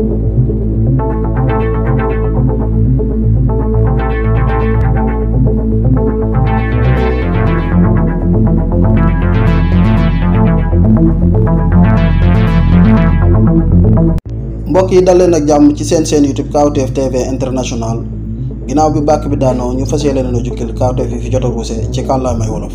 mbokk yi dal leen ak jàmm ci seen seen YouTube Kawtef TV international ginnaaw bi bàkk bi daanoo ñu fas yéene na jukkil Kawtef yi fi jot a ruuse ci kàllaamay wolof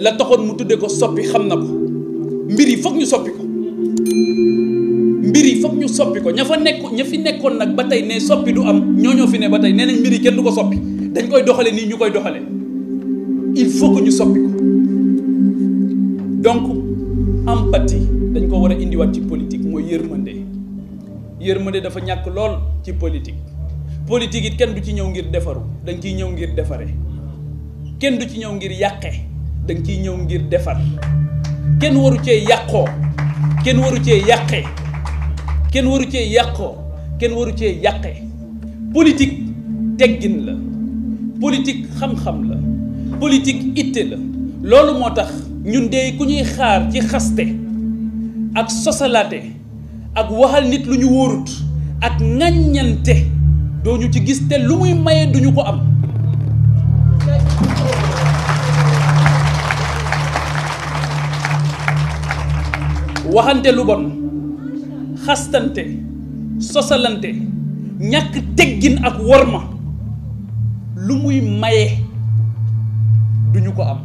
la taxoon mu tudde ko soppi xam na ko mbir yi foog ñu soppi ko mbir yi foog ñu soppi ko ña fa nekk ña fi nekkoon nag ba tey ne soppi du am ñoo ñoo fi ne ba tey nee nañ mbir yi kenn du ko soppi dañ koy doxale nii ñu koy doxale il faut que ñu soppi ko donc empathie dañ ko war a indiwaat ci politique mooy yërmande yërmande dafa ñàkk lool ci politique politique it kenn du ci ñëw ngir defaru dañ ciy ñëw ngir defare kenn du ci ñëw ngir yàqe da ciy ñëw ngir defar kenn waru cee yàqoo kenn waru cee yàqee kenn waru cee yàqoo kenn waru cee yàqee politik teggin la politique xam-xam la politique itte la loolu moo tax ñun de ku ñuy xaar ci xaste ak sosalaate ak waxal nit lu ñu wóorut ak ŋàññante doo ci gis te lu muy maye duñu ko am waxante lu bon xastante sosalante ñàkk teggin ak worma lu muy maye duñu ko am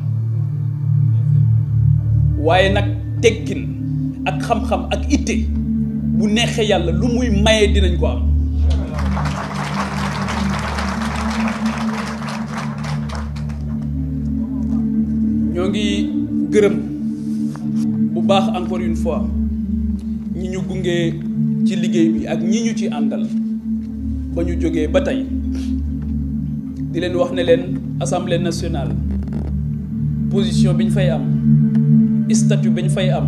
waaye nag teggin ak xam-xam ak itte bu neexee yàlla lu muy maye dinañ ko am ñoo ngi gërëm encore une fois nous sommes gunge ci liggéey bi ak ñi ñu ci àndal ba ñu jógee ba tey di leen assemblée nationale position biñ statut biñ fay am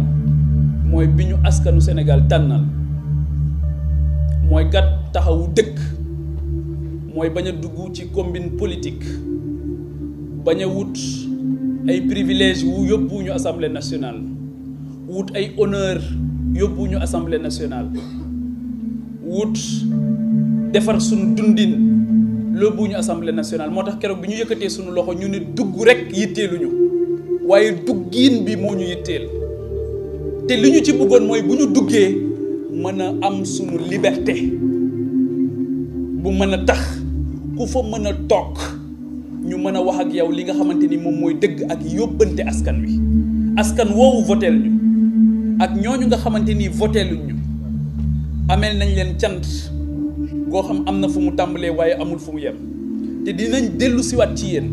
askanu Sénégal tànnal mooy kat taxawu combine politique wut ay privilège wu assemblée nationale wut ay honneur yóbbu ñu assemblée nationale wut defar suñu dundin lóbbu ñu assemblée nationale moo tax keroog bi ñu yëkkatee suñu loxo ñu ne dugg rek yitteeluñu waaye duggiin bi moo ñu yitteel te li ñu ci bëggoon mooy bu ñu duggee mën a am suñu liberté bu mën a tax ku fa mën a toog ñu mën a wax ak yow li nga xamante ni moom mooy dëgg ak yóbbante askan wi askan woowu voteel ñu ak ñooñu nga xamante ni voté luñ nañ leen cant goo xam am na fu mu tàmbalee waaye amul fu mu yem te dinañ dellusiwaat ci yéen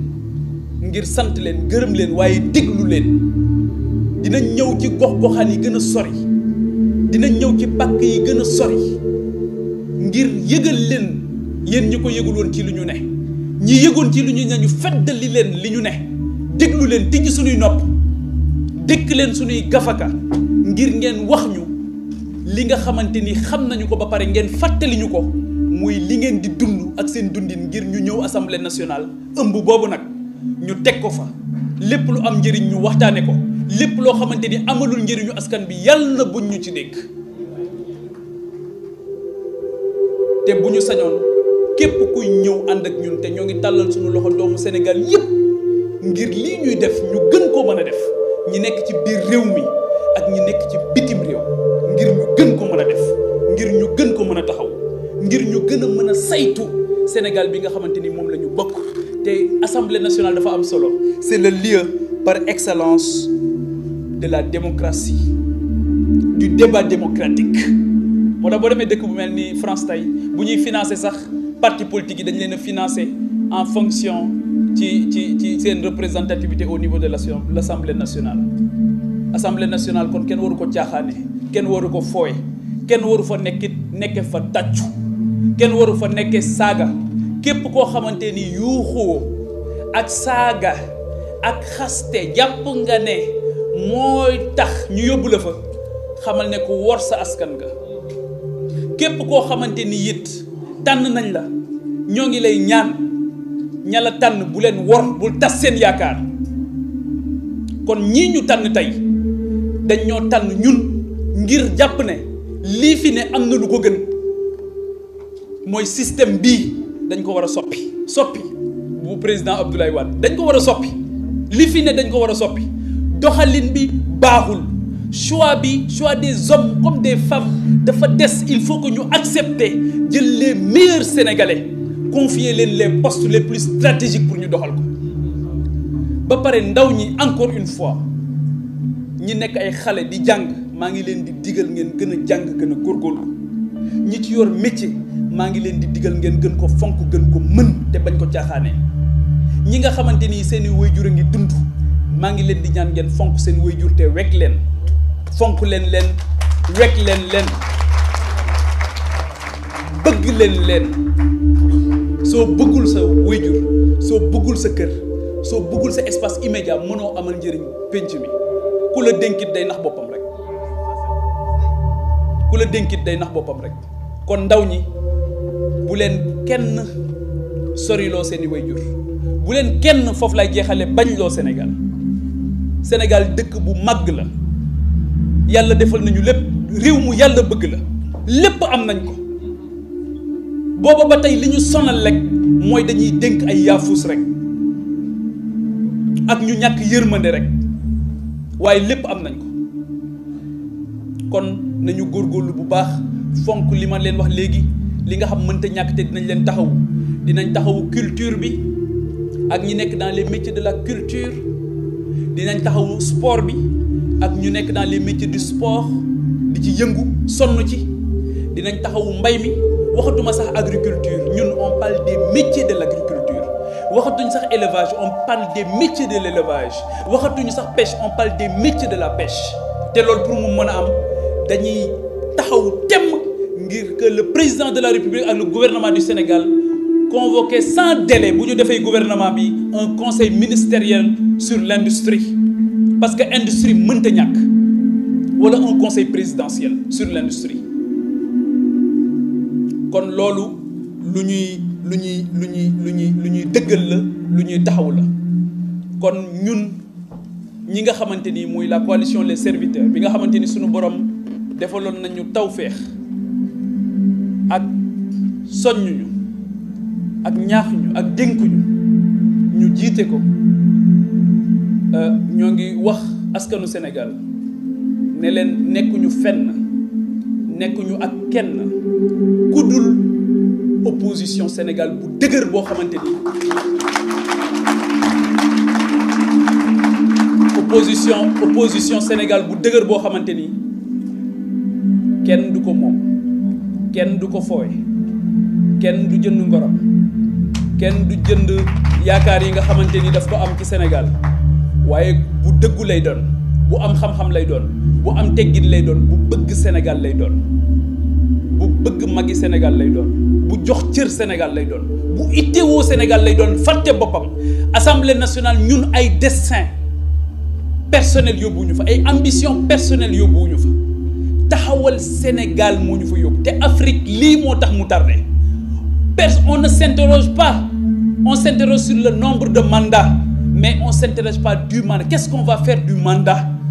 ngir sant leen gërëm leen waaye déglu leen dinañ ñëw ci gox-goxaan yi gën a sori dinañ ñëw ci pàkk yi gën a sori ngir yëgal leen yéen ñi ko ci lu ñu ne ñi yëgoon ci lu ñu ne ñu feddali leen li ñu ne déglu leen tijji suñuy nopp dëkk leen suñuy gafaka ngir ngeen wax ñu li nga xamanteni xam nañu ko ba pare ngeen fatali ñu ko muy li ngeen di dund ak seen dundin ngir ñu ñew assemblée nationale eumbu bobu nak ñu tek ko fa lepp lu am njëriñ ñu waxtane ko lepp lo xamanteni amalul njëriñu askan bi yalla buñ ñu ci nek te buñu sañon sañoon képp kuy ñëw ànd ak ñun te ñoo ngi tàllal suñu loxo doomu Sénégal yépp ngir lii ñuy def ñu gën ko mën a def ñi nekk ci biir réew ak ñi nekk ci bitim réew ngir ñu gën ko mën a def ngir ñu gën ko mën a taxaw ngir ñu gën a mën a saytu Sénégal bi nga xamante ni moom la ñu bokk te assemblée nationale dafa am solo c'est le lieu par excellence de la démocratie du débat démocratique moo tax boo demee dëkk bu mel ni France tey bu ñuy financer sax parti politique yi dañ leen a financer en fonction ci ci ci seen représentativité au niveau de l'Assemblée nationale assemblée nationale kon ken waru ko tiaxane ken waru ko foy ken waru fa nek nek fa tatchu ken waru fa nek saga kep ko xamanteni ni ak saga ak xaste japp nga ne moy tax ñu yóbbu la fa xamal ne ko wor sa askan nga kep ko xamanteni ni it nañ la ñongi lay ñaan ñala tan bu len wor bu tass sen yakar kon ñi ñu tan tay dañ tànn ñun ngir jàpp ne lii fi lu ko gën système bii dañ ko war a soppi soppi bu président Abdoulaye Wade dañ ko soppi li fi dañ ko bi baaxul choix bi choix des hommes comme des femmes dafa des il faut que nous accepter jël les meilleurs sénégalais confier leen les postes les plus stratégiques pour ñu doxal ko ba encore une fois ñi nek ay xalé di jang ma ngi leen di digal ngeen gëna jang gëna gorgol ñi ci yor métier ma ngi leen di digal ngeen gën ko fonk gën ko mën te bañ ko tiaxane ñi nga xamanteni seen wayjur ngi dund ma ngi leen di ñaan ngeen fonk seen wayjur te wek leen fonk leen leen wek leen leen bëgg leen leen so bëggul sa wayjur so bëggul sa kër so bëggul sa espace immédiat mëno amal njëriñ penc ku la dénkit day nax boppam rek ku la dénkit boppam rek kon ndaw ñi bu leen kenn soriloo seeni waajur bu leen kenn foofu lay jeexale bañ loo senegal Sénégal dëkk bu màgg la yàlla defal nañu lépp réew mu yàlla bëgg la lépp am nañ ko booba ba tey li ñu sonal rek mooy dañuy dénk ay yaafus rek ak ñu ñàkk yërmande rek waaye lépp am nañ ko kon nañu góorgóorlu bu baax fonk li ma leen wax léegi li nga xam mënta ñàkk te dinañ leen taxawu dinañ taxawu culture bi ak ñi nekk dans les métiers de la culture dinañ taxawu sport bi ak ñu nekk dans les métiers du di ci yëngu sonn ci dinañ taxawu mbay mi waxatuma sax agriculture ñun on parle des métiers de l'agriculture élevage on parle des métiers de l'élevage pêche on parle des métiers de la pêche te loolu pour mu mën a am que le président de la république et le gouvernement du Sénégal convoqué sans délai gouvernement un conseil ministériel sur l'industrie parce que industrie mënta ñàkk un conseil présidentiel sur l'industrie kon loolu lu ñuy lu ñuy lu ñuy lu ñuy dëggal la taxaw la kon ñun ñi nga xamante ni la coalition les serviteurs bi nga xamante suñu borom defaloon nañu tawféex ak soññuñu ak ñaaxuñu ak dénkuñu ñu jiite ko euh, ñoo ngi wax askanu Sénégal ne leen nekkuñu fenn nekkuñu ak kenn opposition Sénégal bu dëgër opposition opposition Sénégal bu dëgër boo xamante kenn du ko moom kenn du ko fooy kenn du jënd ngorom kenn du jënd yi Sénégal bu dëggu Sénégal lay doon bu Sénégal bu jox cër Sénégal lay doon bu ittewoo Sénégal lay doon fàtte boppam assemblée nationale ñun ay destin personnel yóbbuwuñu fa ay ambition personnelle yóbbuwuñu fa taxawal Sénégal moo ñu fa yóbbu te Afrique lii moo tax mu tardé on ne s'interroge pas on s'interroge sur le nombre de mandats mais on s'interroge pas du mandat qu'est-ce qu'on va faire du mandat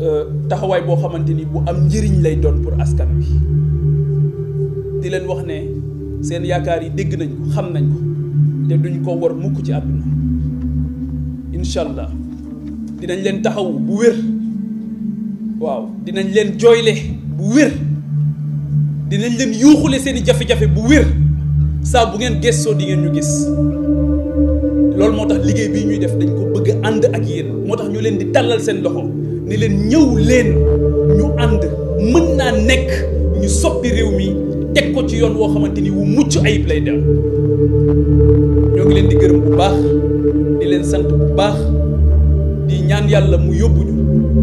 Euh, taxaway boo xamante ni bu am njëriñ lay doon pour askan bi di leen wax ne seen yaakaar yi dégg nañ ko xam nañ ko te duñ ko war mukk ci àdduna inshallah dinañ leen taxaw bu wér waaw dinañ leen bu wér dinañ leen yuuxule seen jafe bu wér saa bu ngeen gëstoo di ngeen ñu gis loolu moo tax liggéey bii ñuy def dañ ko bëgg ànd ak yéen moo tax ñu leen di tàllal seen loxo ne leen ñëw leen ñu ànd mën naa nekk ñu soppi réew mi teg ko ci yoon woo xamante ni wu mucc ayib lay dem ñoo ngi leen di gërëm bu baax di leen sant bu baax di ñaan yàlla mu yóbbuñu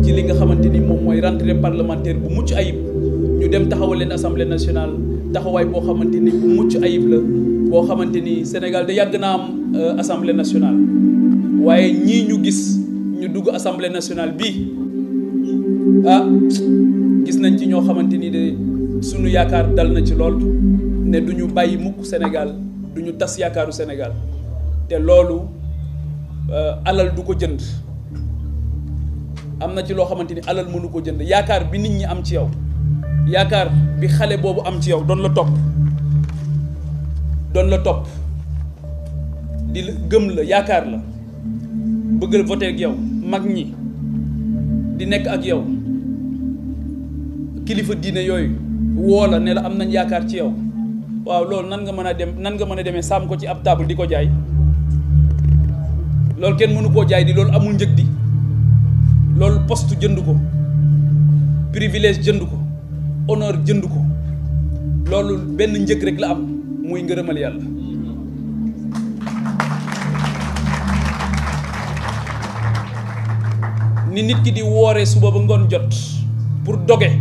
ci li nga xamante ni moom mooy rentrée parlementaire bu mucc ayib ñu dem taxawal leen assemblée nationale taxawaay boo xamante ni bu mucc ayib la boo xamante ni Sénégal da yàgg naa am euh, assemblée nationale waaye ñii ñu gis ñu dugg assemblée nationale bi ah gis nañ ci ñoo xamante ni de sunu yaakaar dal na ci lool ne du ñu bàyyi mukk Sénégal du ñu tas yaakaaru Sénégal te loolu euh, alal du ko jënd am na ci loo xamante ni alal mënu ko jënd yaakaar bi nit ñi am ci yow yaakaar bi xale boobu am ci yow doon la topp. doon la topp di la gëm la yaakaar la bëggal voté ak yow mag ñi di nekk ak yow kilifa diine yooyu woo la ne la am nañ yaakaar ci yow waaw loolu nan nga mën a dem nan nga mën a demee sàmm ko ci ab table di ko jaay loolu kenn mënu koo jaay di loolu amul njëg di loolu post jënd ko privilège jënd ko honneur jënd ko loolu benn njëkk rek la am muy ngeureumal yalla ni nit ki di woré suba ba ngon jot pour doge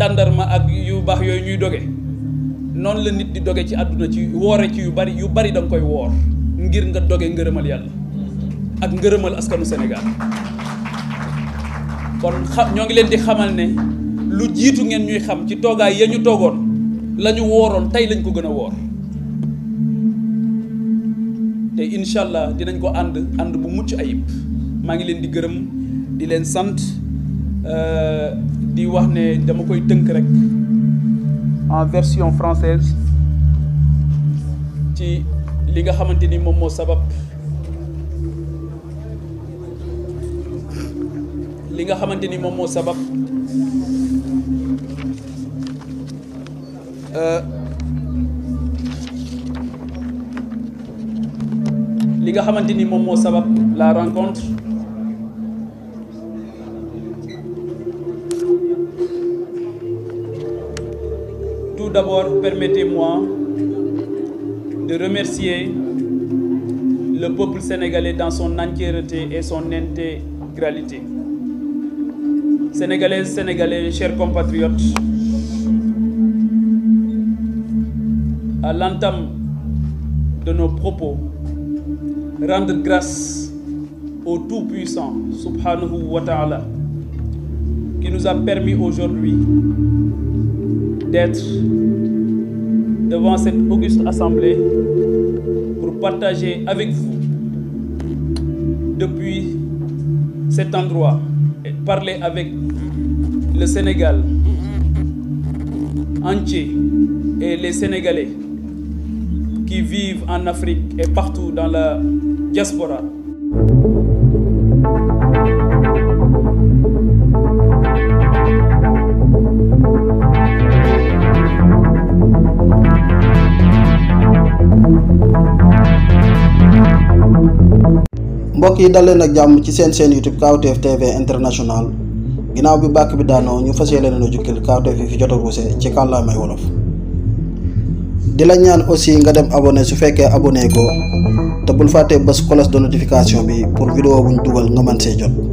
tandarma ak yu bax yoy ñuy doge non la nit di doge ci aduna ci woré ci yu bari yu bari dang koy wor ngir nga doge ngeureumal yalla ak ngeureumal askanu Sénégal kon ñoo ngi leen di xamal ne lu jitu ngeen ñuy xam ci toga ya togon lañu woron tay lañ ko gëna wor te incha allah dinañ ko ànd ànd bu mucc ayib maa ngi leen di gërëm di leen sant euh, di wax ne dama koy tënk rek en version française ci li nga xamante ni moom moo sabab li nga xamante ni moom moo sabab. Euh, la rencontre tout d'abord permettez-moi de remercier le peuple sénégalais dans son entièreté et son intégralité. sénégalais, Sénégalais, chers compatriotes, à l'entame de nos propos, rendre grâce au Tout-Puissant, subhanahu wa ta'ala, qui nous a permis aujourd'hui d'être devant cette auguste assemblée pour partager avec vous depuis cet endroit et parler avec le Sénégal entier et les Sénégalais qui vivent en Afrique et partout dans la diaspora. mbokk yi dal leen ak jàmm ci seen seen YouTube Kawtef TV international ginnaaw bi bàkk bi daanoo ñu fas yéene na jukkil Kawtef yi fi jot a ruuse ci kàllaamay wolof. di la ñaan aussi nga dem abone su fekkee abonné ko te bul fàtte bës cloche de notification bi pour vidéo buñ dugal nga mën see jot